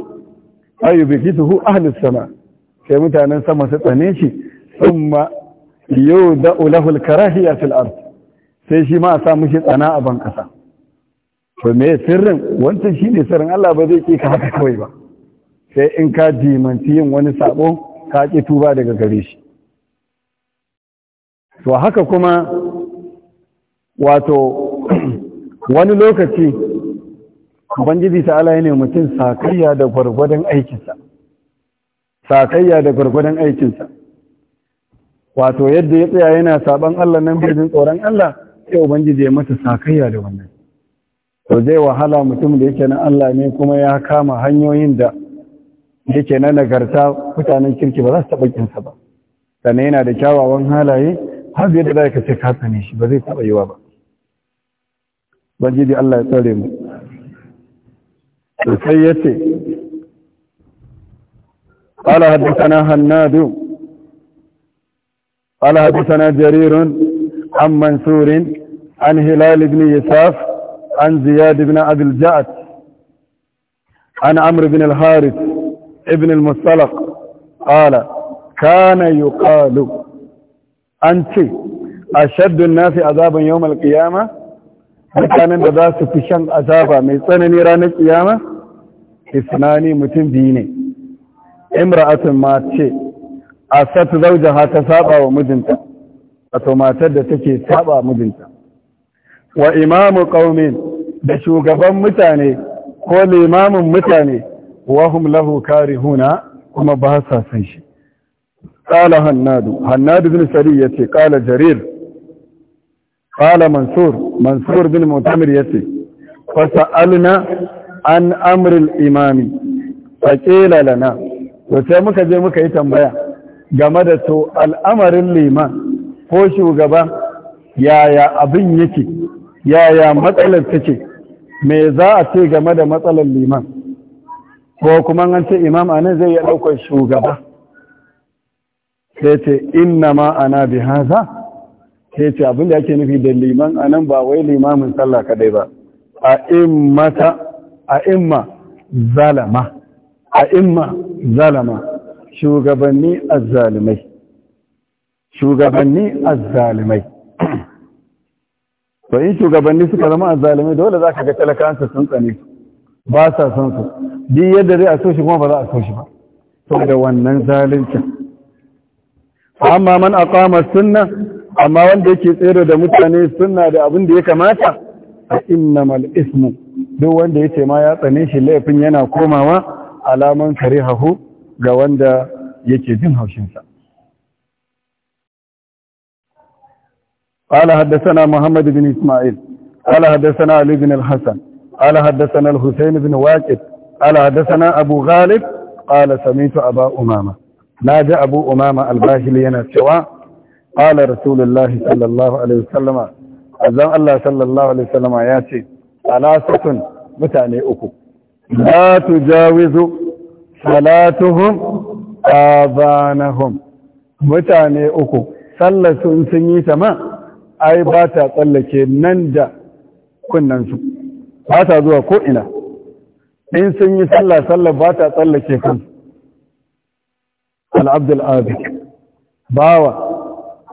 ayu bi kituhu sama sai mutanen sama su tsane shi thumma yudau lahu al-karahiyya sai shi ma a sa mishi tsana a ban kasa to me sirrin wancan ne sirrin Allah ba zai ki ka haka kawai ba sai in ka dimanci yin wani sabo ka ki tuba daga gare shi to haka kuma wato wani lokaci ubangiji ta ala ne mutum sakayya da gwargwadon aikinsa sakayya da gwargwadon aikinsa wato yadda ya tsaya yana saban Allah nan birnin tsoron Allah sai ubangiji ya masa sakayya da wannan to zai wahala mutum da yake na Allah ne kuma ya kama hanyoyin da yake na nagarta mutanen kirki ba za su taɓa kinsa ba sannan yana da kyawawan halaye har da za ka ce ka shi ba zai taɓa yiwa ba ubangiji Allah ya tsare mu سيتي قال حدثنا هناد قال حدثنا جرير عن منصور عن هلال بن يساف عن زياد بن أبي الجعد عن عمرو بن الحارث ابن المصطلق قال كان يقال أنت أشد الناس عذابا يوم القيامة كان da za su fi shan azaba mai tsanani isnani mutum biyu ne imra'atun ma ce asat zawjaha ta saba wa mijinta wato matar da take saba mijinta wa imamu qaumin da shugaban mutane ko limamin mutane wa karihuna kuma ba sa san shi qala hannadu hannadu bin sari ce qala jarir qala mansur mansur bin mutamir yace fa Alina. an amril imami faƙela lana to sai muka je muka yi tambaya game da to al'amarin liman ko shugaba yaya abin yake yaya matsalar take me za a ce game da matsalar liman ko kuma an ce imam a zai iya ɗaukar shugaba sai ce inna ma ana bi haza sai ce abin da ake nufi da liman anan ba wai limamin sallah kadai ba a in mata a zalama a'imma zalama shugabanni azzalimai shugabanni azzalimai to in shugabanni suka zama azzalimai dole za ka ga talakansu sun tsane ba sa son su duk yadda zai a so shi kuma ba za a so shi ba da wannan zalunci amma man aqama sunna amma wanda yake tsere da mutane sunna da abin da ya kamata a innamal ismu duk wanda ya ce ma ya tsane shi laifin yana komawa alaman kare hahu ga wanda yake jin haushinsa. Ala na Muhammadu bin Ismail, ala na Ali bin Al-Hassan, ala na Al-Hussein bin Waqid, ala na Abu Ghalib, ala samitu Aba Umama. Na ji Abu Umama al bashir yana cewa, ala Rasulullahi sallallahu Alaihi wasallama, zan Allah sallallahu Alaihi wasallama ya ce, salasatun mutane uku la tujawizu salatuhum abanahum mutane uku sallatun sun yi ta ma ai ba ta tsallake nan da kunnansu ba ta zuwa ko'ina in sun yi sallah sallah ba ta tsallake kansu al'abdul abik bawa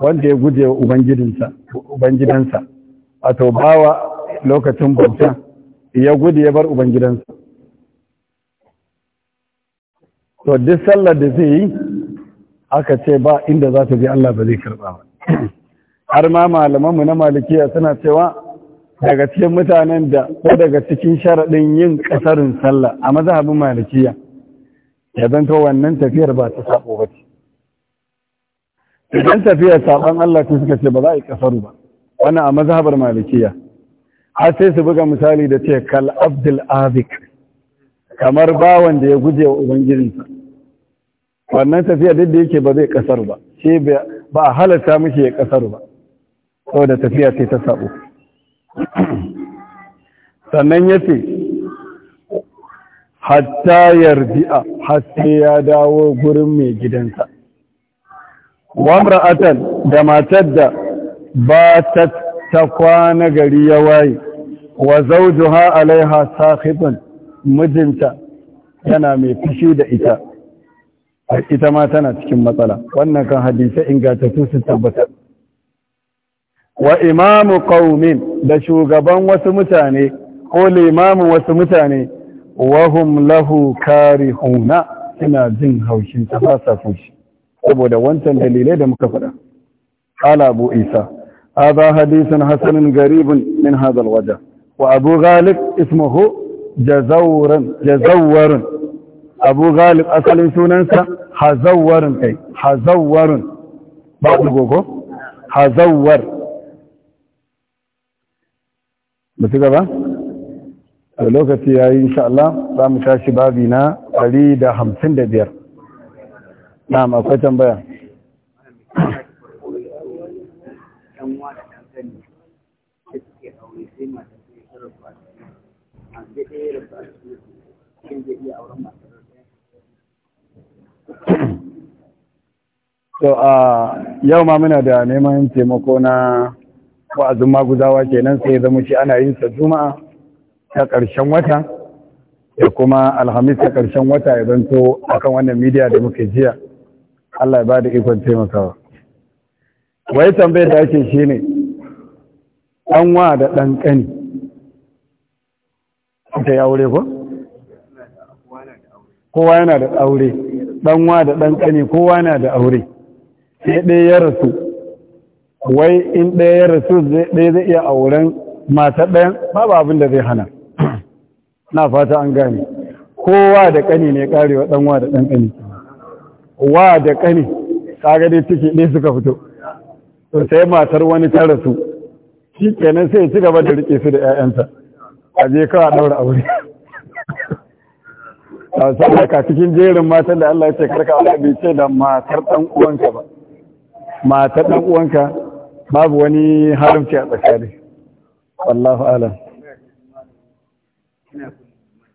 wanda ya guje wa ubangidansa wato bawa lokacin bauta ya gudu ya bar ubangidansa to duk sallar da zai yi aka ce ba inda za ta bi Allah ba zai karɓa ba har ma malamanmu na malikiya suna cewa daga cikin mutanen da ko daga cikin sharaɗin yin ƙasarin sallah a mazhabin malikiya ya zanto wannan tafiyar ba ta saɓo ba ce idan tafiyar saɓon Allah ta suka ce ba za a yi ƙasaru ba wannan a mazhabar malikiya har sai su buga misali da ce kal abdul abik kamar bawan da ya guje wa ubangijinsa wannan tafiya duk da yake ba zai kasar ba shi ba a halatta mishi ya kasar ba saboda tafiya sai ta sabo sannan ya ce hatta yarji'a har sai ya dawo gurin mai gidansa Atan da matar da ba ta kwana gari ya waye wa zawjuha alaiha sakhibun mijinta yana mai fushi da ita ita ma tana cikin matsala wannan kan hadisai ingantattu su tabbatar wa imamu qaumin da shugaban wasu mutane ko limamin wasu mutane wahum lahu karihuna ina jin haushin ta fasa fushi saboda wancan dalilai da muka faɗa qala abu isa aza hadithun hasanun garibun min hadha alwajh وأبو غالب اسمه جزور جزور أبو غالب أصل سننسى حزور كي حزور بعض الجوكو حزور بس با lokaci ya yi insha Allah za mu بابينا babi na 155 نعم akwai tambaya So, yau ma muna da neman taimako na wa'azin maguzawa kenan sai zama shi ana yin sa juma'a ta ƙarshen wata da kuma alhamis ta ƙarshen wata ya zanto a kan wannan midiya da muke jiya Allah ya ba da ikon taimakawa. Wai tambayar da ake shi ne, ɗan wa da ɗan ƙani. Ita ya wure ko? kowa yana da aure ɗanwa da ɗan ƙani kowa yana da aure sai ɗaya ya rasu wai in ɗaya ya rasu ɗaya zai iya auren mata ɗayan babu abin da zai hana na fata an gane kowa da ƙani ne ƙarewa ɗanwa da ɗan ƙani wa da ƙani kaga dai ciki ne suka fito to sai matar wani ta rasu shi kenan sai ci gaba da riƙe su da 'ya'yansa a je kawai ɗaura aure sadaka cikin jerin matan da Allah ya ce karka a bai ce da matar dan uwanka ba matar dan uwanka babu wani haramci a tsakani wallahu alam yana ya dago da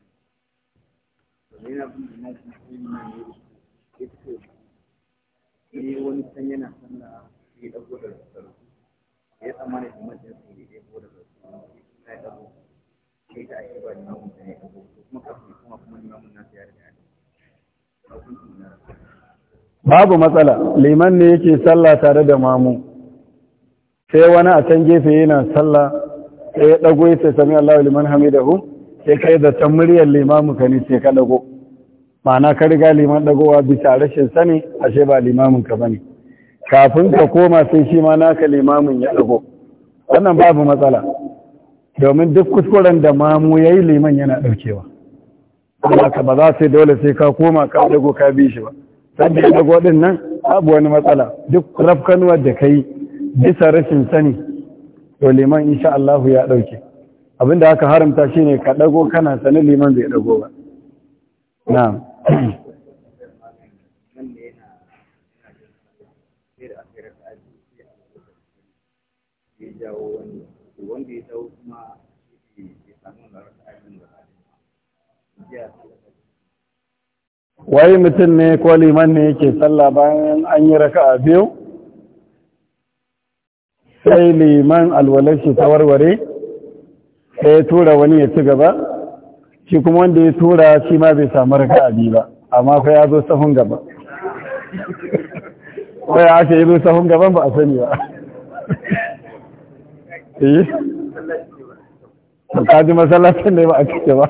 ya da ya da ya da da ba babu matsala liman ne yake sallah tare da mamu sai wani a can gefe yana sallah sai ya dago sai, sami Allahu liman hamidahu sai kai da tan muryar limamu ka ne sai ka dago ma'ana ka riga liman dagowa bisa rashin sani ashe ba limamun ka bane kafin ka koma sai shi ma naka limamin ya dago wannan babu matsala domin duk kuskuren da mamu yayi liman yana daukewa amma ka ba za sai dole sai ka koma ka dago ka bi shi ba sanda ya dago din nan abu wani matsala duk rafkanuwar da ka bisa rashin sani to liman insha Allah ya ɗauke abinda aka haramta shine ka dago kana sanin liman zai dago ba na'am wai mutum ne ko liman ne yake sallah bayan an yi raka'a biyu sai liman alwalashi ta warware sai ya tura wani ya ci gaba shi kuma wanda ya tura shi ma bai samu raka'a biyu ba amma ko ya zo sahun gaba ko ya yi zo sahun gaban ba a sani ba eh ka ji masallacin ne ba a cike ba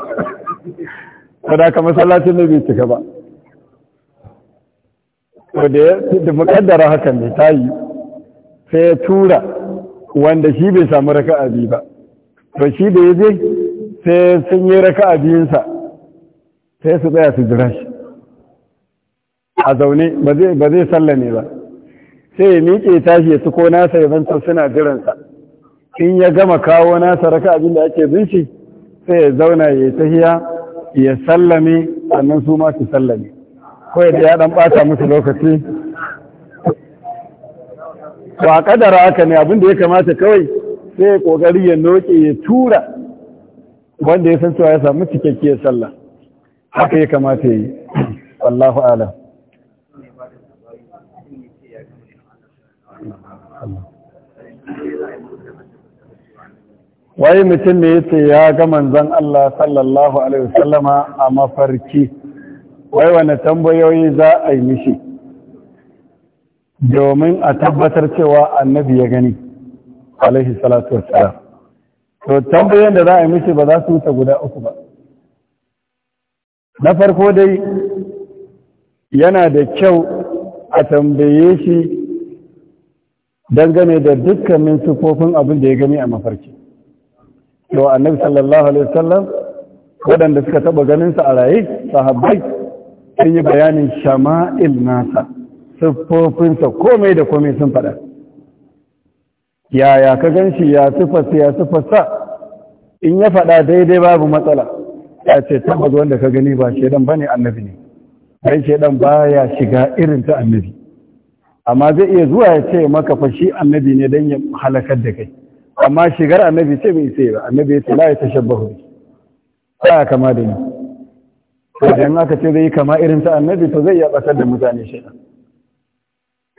da ka masallacin ne bai cika ba to da ya da muƙaddara hakan ne ta yi sai ya tura wanda shi bai samu raka'a biyu ba to shi da ya je sai sun yi raka'a biyunsa sai su tsaya su jira shi a zaune ba zai sallame ba sai ya miƙe tashi ya tuko nasa ya zanta suna jiransa in ya gama kawo nasa raka abin da ake binci sai ya zauna ya yi tahiya ya sallame sannan su ma su sallame ko da ya dan bata musu lokaci to kadara haka ne abin da ya kamata kawai sai ya kokari ya noke ya tura wanda ya san cewa ya samu cikakkiyar sallah haka ya kamata yi wallahu alam wai mutum ne ya ce ya ga manzon Allah sallallahu alaihi wasallama a mafarki wai wane tambayoyi za a yi mishi domin a tabbatar cewa annabi ya gani alaihi salatu wassalam to tambayoyin da za a yi mishi ba za su wuce guda uku ba na farko dai yana da kyau a tambaye shi dangane da dukkanin sufofin abin da ya gani a mafarki to annabi sallallahu alaihi wasallam waɗanda suka taɓa ganinsa a raye sahabbai sun yi bayanin shama'il nasa siffofinsa komai da komai sun faɗa yaya ka gan shi ya siffarsa ya siffarsa in ya faɗa daidai babu matsala ya ce tabbas wanda ka gani ba shaidan ba ne annabi ne kai shaidan ba ya shiga irin ta annabi amma zai iya zuwa ya ce maka fa shi annabi ne don ya halakar da kai amma shigar annabi ce bai sai ba annabi ya ce la ya tashabbahu ba ya kama da ni idan aka ce zai yi kama irin ta annabi to zai iya batar da mutane shi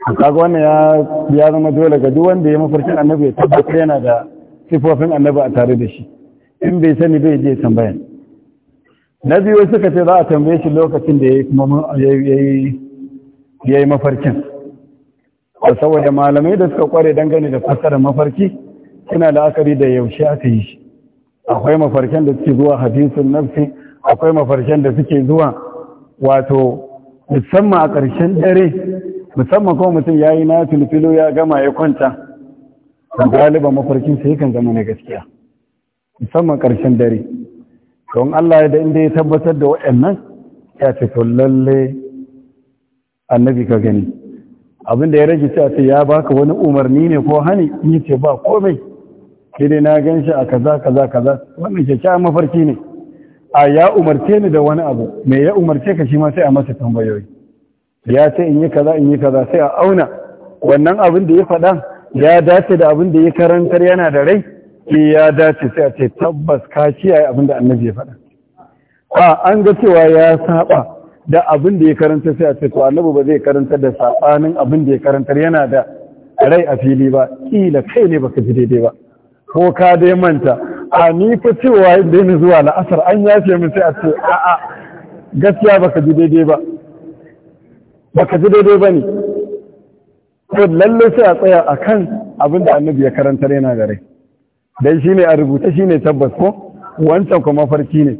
kaga wannan ya zama dole ga duk wanda ya mafarkin annabi ya tabbata yana da sifofin annabi a tare da shi in bai sani bai je tambaya na biyu suka ce za a tambaye shi lokacin da ya yi mafarkin saboda malamai da suka kware dangane da fassara mafarki suna la'akari da yaushe aka yi shi akwai mafarkin da suke zuwa hadisin nafsi akwai mafarshen da suke zuwa wato musamman a ƙarshen dare musamman kuma mutum ya yi na filfilo ya gama ya kwanta galiba mafarkin sai kan zama na gaskiya musamman ƙarshen dare don Allah ya da inda ya tabbatar da waɗannan ya ce to lalle annabi ka gani abin da ya rage ta sai ya baka wani umarni ne ko hani ni ce ba komai sai dai na gan shi a kaza kaza kaza wannan kyakkyawan mafarki ne a ya umarce ni da wani abu me ya umarce ka shi ma sai a masa tambayoyi ya ce in yi kaza in yi kaza sai a auna wannan abin da ya faɗa ya dace da abin da ya karantar yana da rai ki eh, ya dace sai a ce tabbas ka kiyaye abin da annabi ya faɗa a an ga cewa ya saba da abin da ya karanta sai a ce to annabi ba zai karantar da sabanin abin da ya karantar yana da rai a fili ba kila kai ne baka ji daidai ba ko ka dai manta a ni fa cewa inda ni zuwa la'asar an yafe min sai a ce a'a gaskiya baka ji daidai ba baka ji daidai ba ne to lalle sai a tsaya a kan abin da annabi ya karanta yana gare don shi shine a rubuta shine tabbas ko wancan kuma farki ne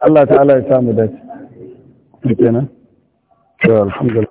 Allah ta'ala ya samu dace kenan